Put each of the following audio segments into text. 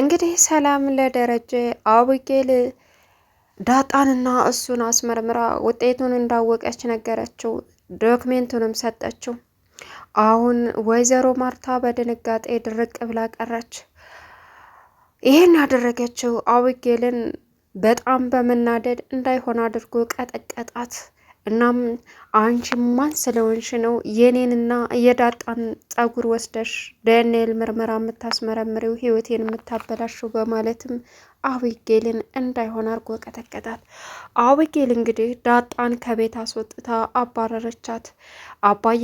እንግዲህ ሰላም ለደረጀ አቡጌል ዳጣንና እሱን አስመርምራ ውጤቱን እንዳወቀች ነገረችው። ዶክሜንቱንም ሰጠችው። አሁን ወይዘሮ ማርታ በድንጋጤ ድርቅ ብላ ቀረች። ይህን ያደረገችው አቡጌልን በጣም በመናደድ እንዳይሆን አድርጎ ቀጠቀጣት። እናም አንቺ ማን ስለሆንሽ ነው የኔንና የዳጣን ጸጉር ወስደሽ ዳንኤል ምርመራ የምታስመረምሪው ህይወቴን የምታበላሽው በማለትም አቢጌልን እንዳይሆን አድርጎ ቀጠቀጣት። አቢጌል እንግዲህ ዳጣን ከቤት አስወጥታ አባረረቻት። አባዬ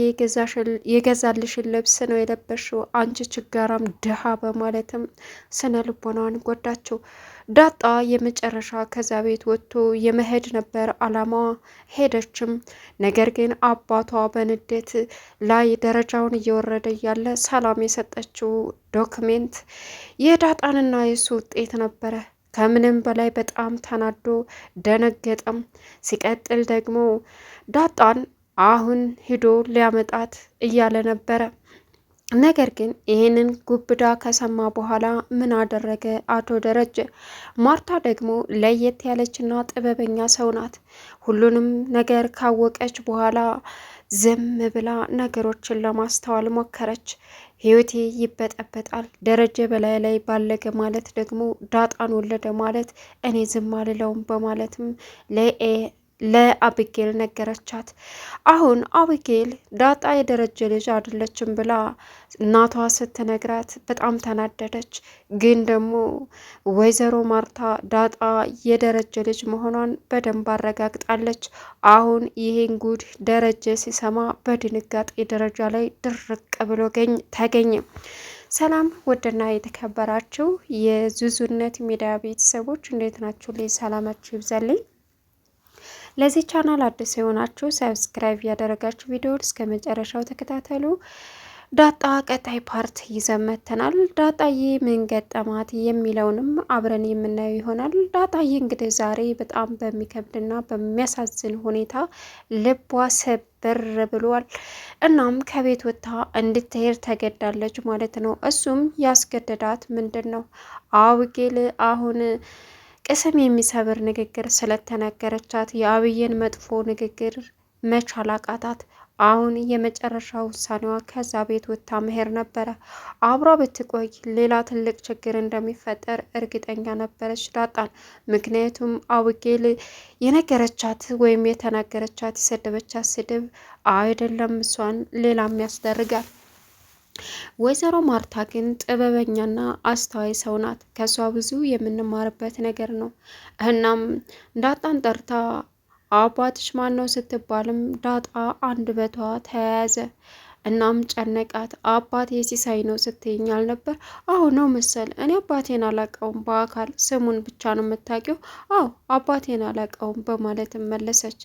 የገዛልሽን ልብስ ነው የለበሽው አንቺ ችጋራም ድሃ በማለትም ስነ ልቦናዋን ጎዳቸው ዳጣ የመጨረሻ ከዛ ቤት ወጥቶ የመሄድ ነበር አላማዋ። ሄደችም። ነገር ግን አባቷ በንዴት ላይ ደረጃውን እየወረደ እያለ ሰላም የሰጠችው ዶክሜንት የዳጣንና የሱ ውጤት ነበረ። ከምንም በላይ በጣም ተናዶ ደነገጠም። ሲቀጥል ደግሞ ዳጣን አሁን ሂዶ ሊያመጣት እያለ ነበረ። ነገር ግን ይህንን ጉብዳ ከሰማ በኋላ ምን አደረገ አቶ ደረጀ? ማርታ ደግሞ ለየት ያለችና ጥበበኛ ሰው ናት። ሁሉንም ነገር ካወቀች በኋላ ዝም ብላ ነገሮችን ለማስተዋል ሞከረች። ህይወቴ ይበጠበጣል፣ ደረጀ በላይ ላይ ባለገ ማለት ደግሞ ዳጣን ወለደ ማለት እኔ ዝም አልለውም በማለትም ለኤ ለአብጌል ነገረቻት። አሁን አብጌል ዳጣ የደረጀ ልጅ አይደለችም ብላ እናቷ ስትነግራት በጣም ተናደደች። ግን ደግሞ ወይዘሮ ማርታ ዳጣ የደረጀ ልጅ መሆኗን በደንብ አረጋግጣለች። አሁን ይህን ጉድ ደረጀ ሲሰማ በድንጋጤ ደረጃ ላይ ድርቅ ብሎ ተገኘ። ሰላም ውድና የተከበራችሁ የዙዙነት ሚዲያ ቤተሰቦች እንዴት ናችሁ? ላይ ሰላማችሁ ይብዛልኝ። ለዚህ ቻናል አዲስ የሆናችሁ ሰብስክራይብ ያደረጋችሁ ቪዲዮ እስከ መጨረሻው ተከታተሉ። ዳጣ ቀጣይ ፓርት ይዘመተናል። መጥተናል። ዳጣዬ ምን ገጠማት የሚለውንም አብረን የምናየው ይሆናል። ዳጣዬ እንግዲህ ዛሬ በጣም በሚከብድና በሚያሳዝን ሁኔታ ልቧ ሰብር ብሏል። እናም ከቤት ወጥታ እንድትሄድ ተገዳለች ማለት ነው። እሱም ያስገደዳት ምንድን ነው አውጌል አሁን ቅስም የሚሰብር ንግግር ስለተነገረቻት የአብይን መጥፎ ንግግር መቻል አቃታት። አሁን የመጨረሻ ውሳኔዋ ከዛ ቤት ወጥታ መሄድ ነበረ። አብሯ ብትቆይ ሌላ ትልቅ ችግር እንደሚፈጠር እርግጠኛ ነበረች ዳጣን። ምክንያቱም አውጌል የነገረቻት ወይም የተናገረቻት የሰደበቻት ስድብ አይደለም እሷን ሌላም ያስደርጋል። ወይዘሮ ማርታ ግን ጥበበኛና አስተዋይ ሰው ናት። ከእሷ ብዙ የምንማርበት ነገር ነው። እናም ዳጣን ጠርታ አባትሽ ማን ነው ስትባልም ዳጣ አንድ በቷ ተያያዘ። እናም ጨነቃት። አባቴ ሲሳይ ነው ስትይኝ አልነበር? አዎ ነው መሰል። እኔ አባቴን አላቀውም፣ በአካል ስሙን ብቻ ነው የምታውቂው? አዎ አባቴን አላቀውም በማለት መለሰች።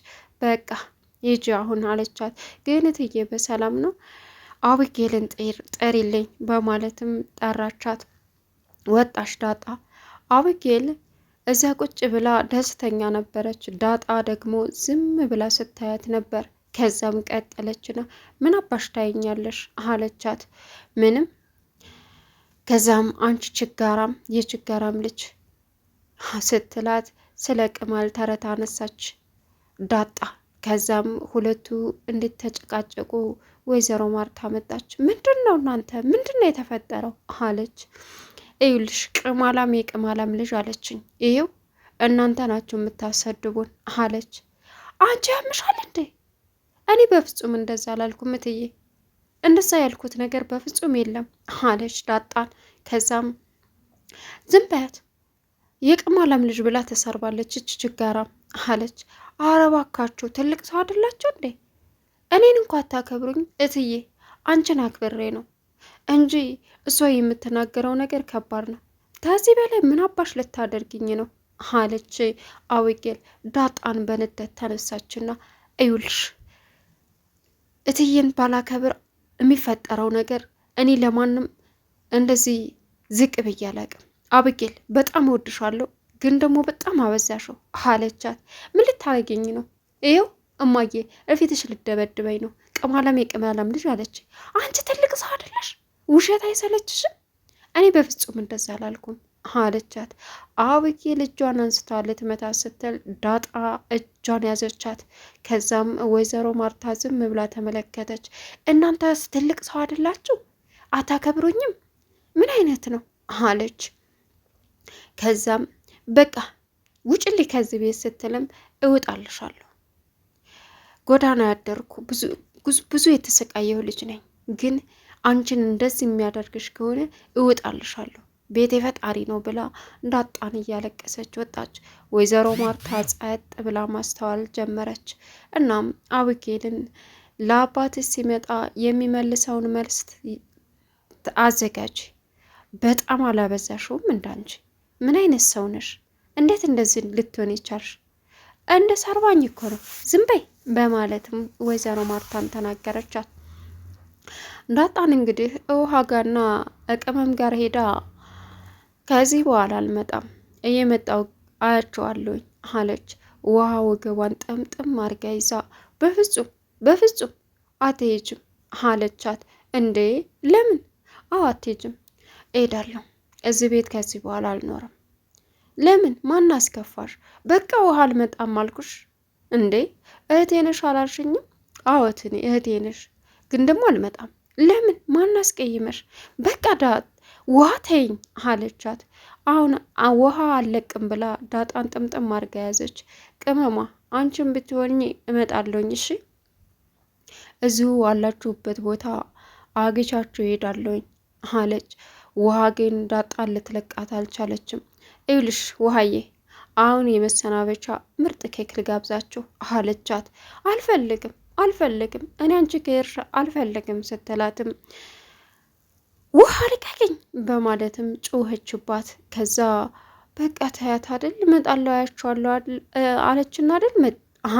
በቃ ይጂ አሁን አለቻት። ግን እትዬ በሰላም ነው አብጌልን ጥሪልኝ በማለትም ጠራቻት። ወጣች ዳጣ። አብጌል እዚያ ቁጭ ብላ ደስተኛ ነበረች። ዳጣ ደግሞ ዝም ብላ ስታያት ነበር። ከዛም ቀጠለችና ምን አባሽ ታይኛለሽ አለቻት። ምንም። ከዛም አንቺ ችጋራም የችጋራም ልጅ ስትላት ስለ ቅማል ተረት አነሳች ዳጣ ከዛም ሁለቱ እንድተጨቃጨቁ ወይዘሮ ማርታ መጣች። ምንድን ነው እናንተ ምንድን ነው የተፈጠረው አለች። እዩልሽ ቅማላም የቅማላም ልጅ አለችኝ። ይኸው እናንተ ናችሁ የምታሰድቡን አለች። አንቺ ያምሻል እንዴ? እኔ በፍጹም እንደዛ አላልኩም እትዬ፣ እንደዛ ያልኩት ነገር በፍጹም የለም አለች ዳጣን። ከዛም ዝም በያት የቅማላም ልጅ ብላ ተሰርባለች እች ችጋራም አለች። አረባካችሁ ትልቅ ሰው አይደላችሁ እንዴ? እኔን እንኳ አታከብሩኝ እትዬ፣ አንቺን አክብሬ ነው እንጂ እሷ የምትናገረው ነገር ከባድ ነው። ከዚህ በላይ ምን አባሽ ልታደርግኝ ነው? አለች አብጌል ዳጣን በንደት ተነሳችና፣ እዩልሽ እትዬን ባላከብር የሚፈጠረው ነገር እኔ ለማንም እንደዚህ ዝቅ ብዬ አላቅም። አብጌል በጣም እወድሻለሁ ግን ደግሞ በጣም አበዛሽው አለቻት። ምን ልታረጊኝ ነው? ይኸው እማዬ እፊትሽ ልደበድበኝ ነው ቅማለም የቅማለም ልጅ አለች። አንቺ ትልቅ ሰው አይደለሽ? ውሸት አይሰለችሽም? እኔ በፍጹም እንደዛ አላልኩም አለቻት። አብጌ ልጇን አንስታ ልትመታ ስትል ዳጣ እጇን ያዘቻት። ከዛም ወይዘሮ ማርታ ዝም ብላ ተመለከተች። እናንተስ ትልቅ ሰው አይደላችሁ? አታከብሩኝም? ምን አይነት ነው አለች። ከዛም በቃ ውጭልኝ ከዚህ ቤት ስትልም እወጣልሻለሁ። ጎዳና ያደርኩ ብዙ የተሰቃየሁ ልጅ ነኝ፣ ግን አንቺን እንደዚህ የሚያደርግሽ ከሆነ እወጣልሻለሁ ቤቴ ፈጣሪ ነው ብላ እንዳጣን እያለቀሰች ወጣች። ወይዘሮ ማርታ ጸጥ ብላ ማስተዋል ጀመረች። እናም አብጌልን ለአባትሽ ሲመጣ የሚመልሰውን መልስ አዘጋጅ፣ በጣም አላበዛሽውም እንዳንቺ ምን አይነት ሰው ነሽ? እንዴት እንደዚህ ልትሆን ይቻልሽ? እንደ ሰርባኝ እኮ ነው። ዝም በይ በማለትም ወይዘሮ ማርታን ተናገረቻት። ዳጣን እንግዲህ ውሃ ጋና እቅመም ጋር ሄዳ ከዚህ በኋላ አልመጣም እየመጣው አያቸዋለሁኝ አለች። ውሃ ወገቧን ጠምጥም አርጋ ይዛ በፍጹም በፍጹም አትሄጅም አለቻት። እንዴ ለምን? አዎ አትሄጅም፣ እሄዳለሁ እዚህ ቤት ከዚህ በኋላ አልኖርም። ለምን? ማን አስከፋሽ? በቃ ውሃ አልመጣም አልኩሽ እንዴ። እህቴ ነሽ አላልሽኝም? አዎት እኔ እህቴ ነሽ፣ ግን ደግሞ አልመጣም። ለምን? ማን አስቀይመሽ? በቃ ዳት ውሃ ተይኝ አለቻት። አሁን ውሃ አለቅም ብላ ዳጣን ጥምጥም አድርጋ ያዘች። ቅመሟ አንቺን ብትሆኝ እመጣለሁኝ፣ እሺ እዚሁ አላችሁበት ቦታ አግቻችሁ ይሄዳለሁኝ አለች። ውሃ ግን ዳጣን ልትለቃት አልቻለችም። ይኸውልሽ ውሃዬ አሁን የመሰናበቻ ምርጥ ኬክ ልጋብዛችሁ አለቻት። አልፈልግም አልፈልግም እኔ አንቺ ከሄድሽ አልፈልግም ስትላትም ውሃ ልቀቅኝ በማለትም ጩኸችባት። ከዛ በቃ ታያት አደል እመጣለሁ አያችኋለሁ አለችና አደል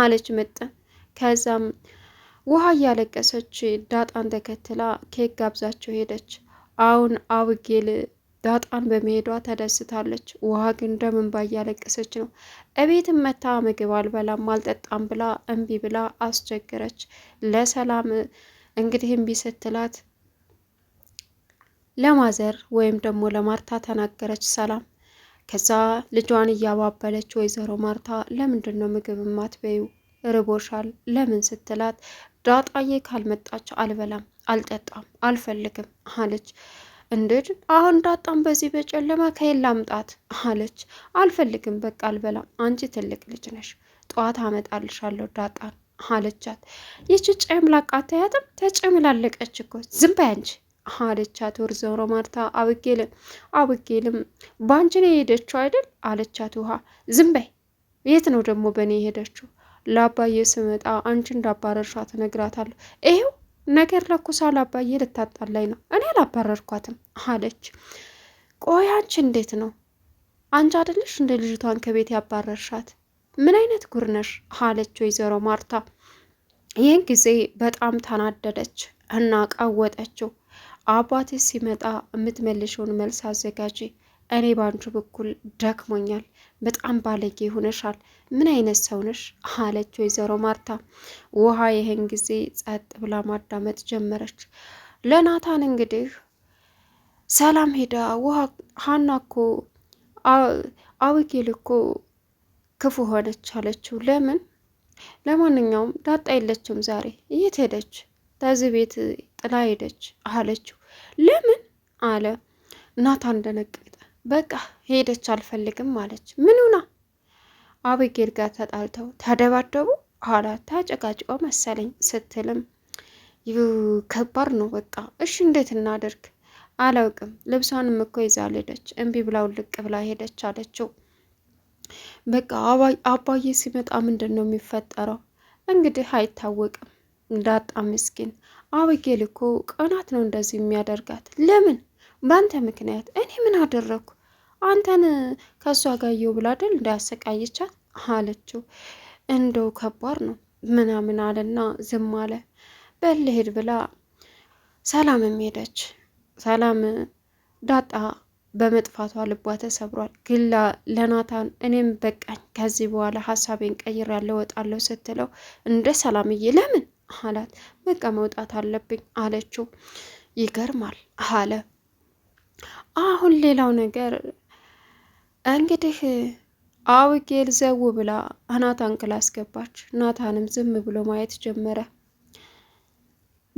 አለች መጠን ከዛም ውሃ እያለቀሰች ዳጣን ተከትላ ኬክ ጋብዛቸው ሄደች። አሁን አብጌል ዳጣን በመሄዷ ተደስታለች። ውሃ ግን ደም እያለቀሰች ነው። እቤትም መታ ምግብ አልበላም አልጠጣም ብላ እምቢ ብላ አስቸገረች። ለሰላም እንግዲህ እምቢ ስትላት ለማዘር ወይም ደግሞ ለማርታ ተናገረች ሰላም። ከዛ ልጇን እያባበለች ወይዘሮ ማርታ ለምንድን ነው ምግብ ማትበዩ? ርቦሻል ለምን ስትላት ዳጣዬ ካልመጣች አልበላም አልጠጣም፣ አልፈልግም አለች። እንዴት አሁን ዳጣም በዚህ በጨለማ ከየላ አምጣት አለች። አልፈልግም፣ በቃ አልበላም። አንቺ ትልቅ ልጅ ነሽ፣ ጠዋት አመጣልሻለሁ ዳጣን አለቻት። ይቺ ጨምላቃ አታያትም? ተጨምላለቀች እኮ ዝም በይ አንቺ አለቻት ወይዘሮ ማርታ አብጌልን። አብጌልም በአንቺ ነው የሄደችው አይደል አለቻት። ውሃ ዝም በይ፣ የት ነው ደግሞ በእኔ የሄደችው? ለአባዬ ስመጣ አንቺ እንዳባረርሻ ትነግራታለሁ። ይሄው ነገር ለኩሳ ላባዬ ልታጣላኝ ነው፣ እኔ አላባረርኳትም አለች። ቆይ አንቺ እንዴት ነው አንቺ አይደለሽ እንደ ልጅቷን ከቤት ያባረርሻት? ምን አይነት ጉር ነሽ? አለች ወይዘሮ ማርታ። ይህን ጊዜ በጣም ተናደደች እና ቀወጠችው። አባቴ ሲመጣ የምትመልሽውን መልስ አዘጋጄ እኔ ባንቹ በኩል ደክሞኛል። በጣም ባለጌ ሆነሻል። ምን አይነት ሰው ነሽ? አለች ወይዘሮ ማርታ። ውሃ ይህን ጊዜ ጸጥ ብላ ማዳመጥ ጀመረች። ለናታን እንግዲህ ሰላም ሄዳ ውሃ ሀና እኮ አዊጌል እኮ ክፉ ሆነች አለችው። ለምን? ለማንኛውም ዳጣ የለችም ዛሬ። የት ሄደች? ከዚህ ቤት ጥላ ሄደች አለችው። ለምን አለ ናታን ደነገጠ። በቃ ሄደች፣ አልፈልግም አለች። ምኑና አብጌል ጋር ተጣልተው ተደባደቡ አላት። ታጨቃጭቀው መሰለኝ ስትልም ከባድ ነው በቃ እሺ፣ እንዴት እናደርግ አላውቅም። ልብሷንም እኮ ይዛ ሄደች፣ እምቢ ብላው ልቅ ብላ ሄደች አለችው። በቃ አባዬ ሲመጣ ምንድን ነው የሚፈጠረው? እንግዲህ አይታወቅም። ዳጣ ምስኪን አብጌል እኮ ቀናት ነው እንደዚህ የሚያደርጋት ለምን በአንተ ምክንያት እኔ ምን አደረግኩ? አንተን ከእሷ ጋር የው ብላ አይደል እንዳያሰቃየቻት አለችው። እንደው ከባድ ነው ምናምን አለና ዝም አለ። በልሄድ ብላ ሰላምም ሄደች። ሰላም ዳጣ በመጥፋቷ ልቧ ተሰብሯል። ግላ ለናታን እኔም በቃኝ ከዚህ በኋላ ሀሳቤን ቀይሬያለሁ እወጣለሁ ስትለው እንደ ሰላምዬ ለምን አላት። በቃ መውጣት አለብኝ አለችው። ይገርማል አለ አሁን ሌላው ነገር እንግዲህ አውጌል ዘው ብላ ናታን ክላስ አስገባች። ናታንም ዝም ብሎ ማየት ጀመረ።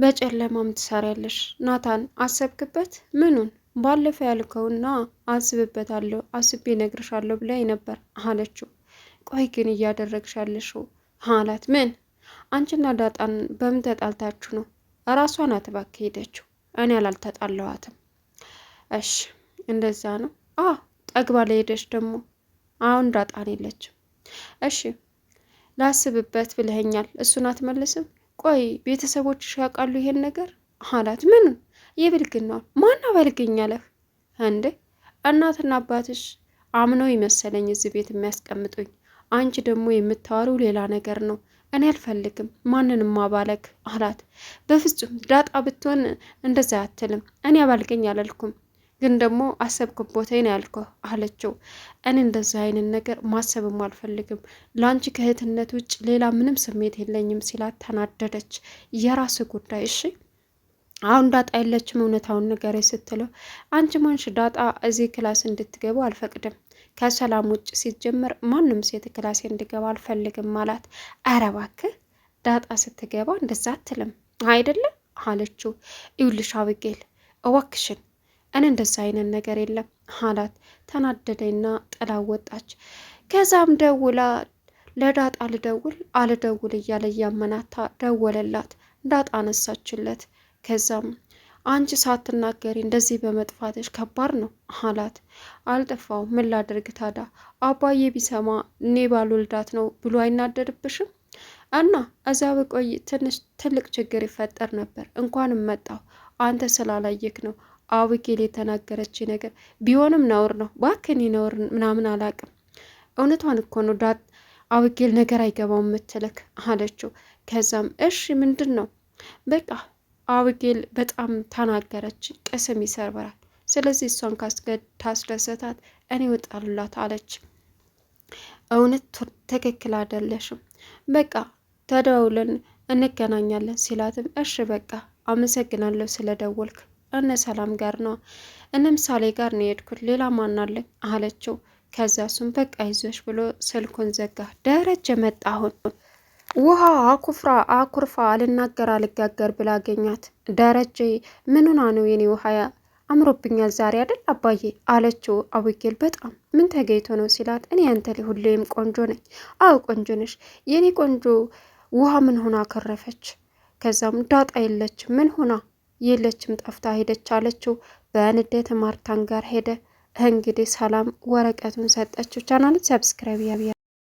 በጨለማም ትሰሪያለሽ ናታን፣ አሰብክበት? ምኑን? ባለፈ ያልከውና አስብበታለሁ፣ አስቤ እነግርሻለሁ ብላኝ ነበር አለችው። ቆይ ግን እያደረግሻለሽው አላት። ምን? አንቺና ዳጣን በምን ተጣልታችሁ ነው? እራሷ ናት እባክህ ሄደችው። እኔ አላልተጣለዋትም እሺ እንደዛ ነው። አ ጠግባ ለሄደች ደግሞ አሁን ዳጣን የለችም። እሺ ላስብበት ብለኸኛል፣ እሱን አትመልስም። ቆይ ቤተሰቦችሽ ያውቃሉ ይሄን ነገር አላት። ምኑን የብልግናውን ማና በልግኝ አለህ እንዴ? እናትና አባትሽ አምነው ይመሰለኝ እዚህ ቤት የሚያስቀምጡኝ። አንቺ ደግሞ የምታወሪው ሌላ ነገር ነው። እኔ አልፈልግም ማንንም ማባለግ አላት። በፍጹም ዳጣ ብትሆን እንደዛ አትልም። እኔ አባልገኝ አላልኩም ግን ደግሞ አሰብክቦተኝ ነው ያልከው አለችው። እኔ እንደዚህ አይነት ነገር ማሰብም አልፈልግም ለአንቺ ከእህትነት ውጭ ሌላ ምንም ስሜት የለኝም ሲላት ተናደደች። የራስ ጉዳይ እሺ አሁን ዳጣ የለችም እውነታውን ነገር ስትለው አንቺ ሞንሽ ዳጣ እዚህ ክላስ እንድትገቡ አልፈቅድም ከሰላም ውጭ ሲጀምር ማንም ሴት ክላሴ እንድገባ አልፈልግም አላት። ኧረ እባክህ ዳጣ ስትገባ እንደዛ አትልም አይደለም አለችው። ይኸውልሽ አብጌል እዋክሽን እኔ እንደዚህ አይነት ነገር የለም አላት። ተናደደና ጥላ ወጣች። ከዛም ደውላ ለዳጣ አልደውል አልደውል እያለ እያመናታ ደወለላት። ዳጣ አነሳችለት። ከዛም አንቺ ሳትናገሪ እንደዚህ በመጥፋትሽ ከባድ ነው አላት። አልጠፋው ምን ላድርግ ታዳ አባዬ ቢሰማ እኔ ባልወልዳት ነው ብሎ አይናደድብሽም? እና እዛ ብቆይ ትንሽ ትልቅ ችግር ይፈጠር ነበር። እንኳንም መጣሁ አንተ ስላላየክ ነው አቡጌል የተናገረች ነገር ቢሆንም ነውር ነው። ባክን ነውር ምናምን አላቅም። እውነቷን እኮ ነው ዳት አቡጌል ነገር አይገባውም ምትልክ አለችው። ከዛም እሺ ምንድን ነው በቃ አቡጌል በጣም ተናገረች፣ ቅስም ይሰርበራል። ስለዚህ እሷን ታስደሰታት እኔ ወጣሉላት አለች። እውነት ትክክል አይደለሽም፣ በቃ ተደውለን እንገናኛለን ሲላትም እሺ በቃ አመሰግናለሁ ስለደወልክ እነ ሰላም ጋር ነው እነ ምሳሌ ጋር ነው የሄድኩት ሌላ ማናለኝ አለችው። ከዛ እሱም በቃ ይዞሽ ብሎ ስልኩን ዘጋ። ደረጀ መጣ። አሁን ውሃ አኩፍራ አኩርፋ አልናገር አልጋገር ብላ አገኛት። ደረጀ ምንና ነው የኔ ውሃ አምሮብኛል ዛሬ አይደል አባዬ አለችው። አቡጌል በጣም ምን ተገይቶ ነው ሲላት፣ እኔ አንተ ላይ ሁሌም ቆንጆ ነኝ። አው ቆንጆ ነሽ የኔ ቆንጆ። ውሃ ምን ሆና ከረፈች? ከዛም ዳጣ የለች ምን ሆና የለችም ጠፍታ ሄደች አለችው። በንዴት ማርታን ጋር ሄደ። እንግዲህ ሰላም ወረቀቱን ሰጠችው። ቻናሉን ሰብስክራይብ